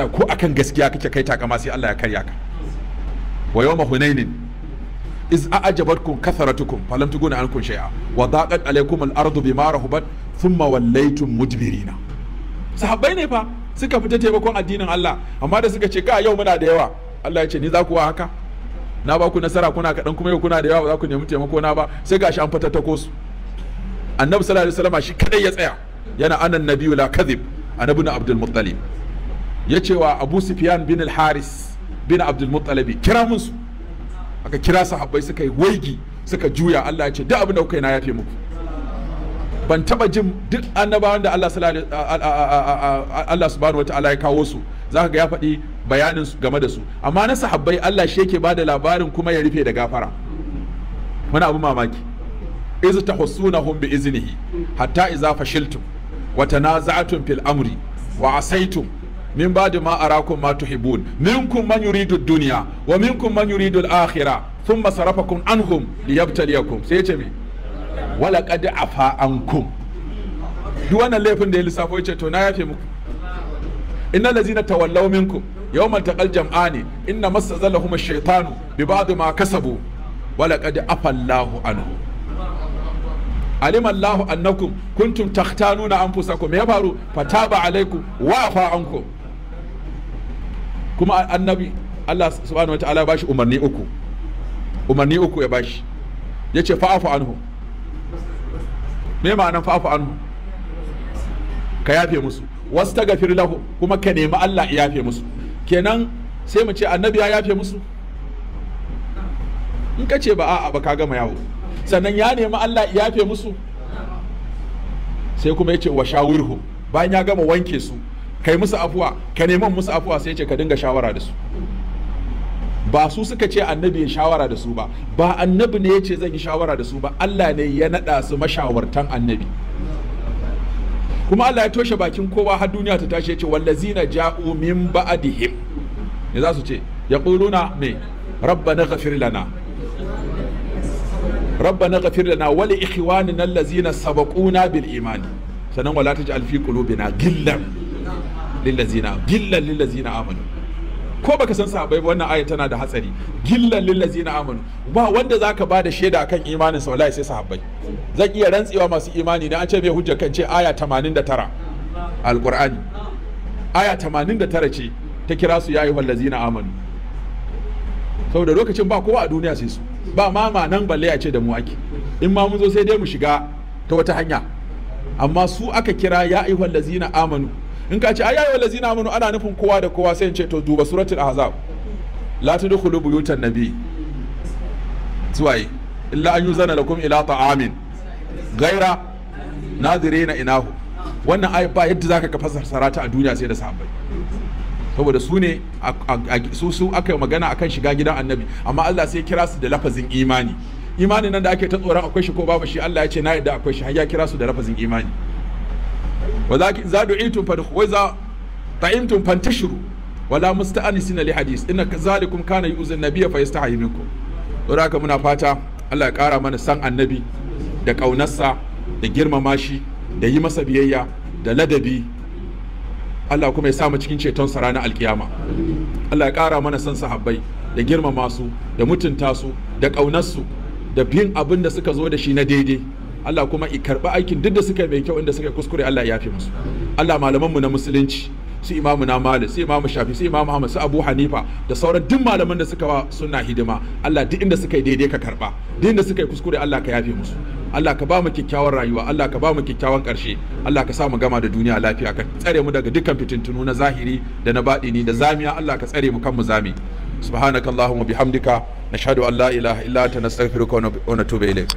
Allah ko akan gaskiya kake kai takama sai Allah ya karya ka wa yawma hunainin iz a'jabatkum katharatukum falam tuguna ankum shay'a wa daqat alaykum al-ardu bima rahabat thumma wallaytum mudbirina sahabbai ne fa suka fita taimakon addinin Allah amma da suka ce ka yau muna da yawa Allah ya ce ni za ku wa haka na ba ku nasara kuna kaɗan kuma yau kuna da yawa ba za ku nemi taimako na ba sai gashi an fatattako su annabi sallallahu alaihi wasallam shi kadai ya tsaya yana anan nabiyyu la kadhib annabi na abdul muttalib ya ce wa abu sufyan bin al-haris bin abdulmuttalabi kira mun su aka kira sahabbai suka yi waigi suka juya Allah ya ce duk abin da kuka yi na yafe muku ban taba jin duk annabawan da Allah Allah subhanahu wataala ya kawo su zaka ga ya faɗi bayanin game da su amma na sahabbai Allah shi yake bada labarin kuma ya rufe da gafara wani abu mamaki iz tahussunahum bi iznihi hatta idza fashiltum wa tanaza'tum fil amri wa asaitum من بعد ما أراكم ما تحبون منكم من يريد الدنيا ومنكم من يريد الآخرة ثم صرفكم عنهم ليبتليكم سيتمي ولقد عفا عنكم duk wannan laifin da ya lissafo ya ce to na yafe muku innal ladzina tawallaw minkum yawmal taqal jam'ani inna masazalahum ash-shaytanu bi ba'd ma kasabu wa laqad afa Allahu anhu alima Allahu annakum kuntum takhtanuna anfusakum ya faru fataba alaikum wa afa ankum kuma annabi Allah subhanahu wa ta'ala bashi umarni uku umarni uku ya bashi yace fa'afu anhu me ma'anan fa'afu anhu ka yafe musu wasu ta gafir lahu kuma ka nemi Allah ya yafe musu kenan sai mu ce annabi ya yafe musu in ka ce ba a'a ba ka gama yawo sannan ya nemi Allah ya yafe musu sai kuma ya ce wa shawirhu bayan ya gama wanke su kai musu afuwa ka neman musu afuwa sai ce ka dinga shawara da su ba su suka ce annabi ya shawara da su ba ba annabi ne ya ce zan yi shawara da su ba Allah ne ya naɗa su mashawartan annabi kuma Allah ya toshe bakin kowa har duniya ta tashi ya ce wallazina ja'u min ba'dihim ne za su ce yaquluna me rabbana ghafir lana rabbana ghafir lana wa li ikhwanina allazina sabaquna bil iman sanan wala taj'al fi qulubina ghillan lillazina gillan lillazina amanu ko baka san sahabbai wannan aya tana da hatsari gillan lillazina amanu ba wanda zaka ba da shaida akan imanin sa wallahi sai sahabbai zan iya rantsewa masu imani dan an ce bai hujja kan ce aya 89 alqur'ani aya 89 ce ta kira su ya ayyuhal ladzina amanu saboda lokacin ba kowa a duniya sai su ba ma ma nan balle a ce da mu ake in ma mun zo sai dai mu shiga ta wata hanya amma su aka kira ya ayyuhal ladzina amanu in ka ce ai ayyuhal ladzina amanu ana nufin kowa da kowa sai in ce to duba suratul ahzab la tudkhulu buyutan nabi zuwaye illa an yuzana lakum ila ta'amin nadirina inahu wannan ba yadda zaka ka fassara ta a duniya sai da sahabbai saboda su ne su su aka yi magana akan shiga gidan annabi amma Allah sai kira su da lafazin imani imanin nan da ake ta tsoron akwai shi ko babu shi Allah ya ce na yadda akwai shi har ya kira su da lafazin imani wa za du'itum fadkhu wa za ta'imtum fantashiru wala musta'anisina li hadith inna kadhalikum kana yu'zun nabiyya fa yastahi minkum don haka muna fata Allah ya kara mana san annabi da kaunarsa da girmama shi da yi masa biyayya da ladabi Allah kuma ya sa mu cikin ceton sa ranar alkiyama Allah ya kara mana san sahabbai da girmama su da mutunta su da kaunarsu da bin abin da suka zo da shi na daidai Allah kuma i karɓi aikin duk da suka mai kyau inda suka kuskure Allah ya fi musu Allah malaman mu na musulunci su imamu na malik su imamu shafi su imamu ahmad su abu hanifa da sauran duk malaman da suka wa suna hidima Allah duk inda suka yi daidai ka karɓa. duk inda suka yi kuskure Allah ka yafe musu Allah ka ba mu kyakkyawan rayuwa Allah ka ba mu kyakkyawan ƙarshe. Allah ka sa mu gama da duniya lafiya ka tsare mu daga dukkan fitintunu na zahiri da na baɗini da zamiya Allah ka tsare mu kan mu zami subhanakallahumma bihamdika nashhadu an la ilaha illa anta nastaghfiruka wa natubu ilayk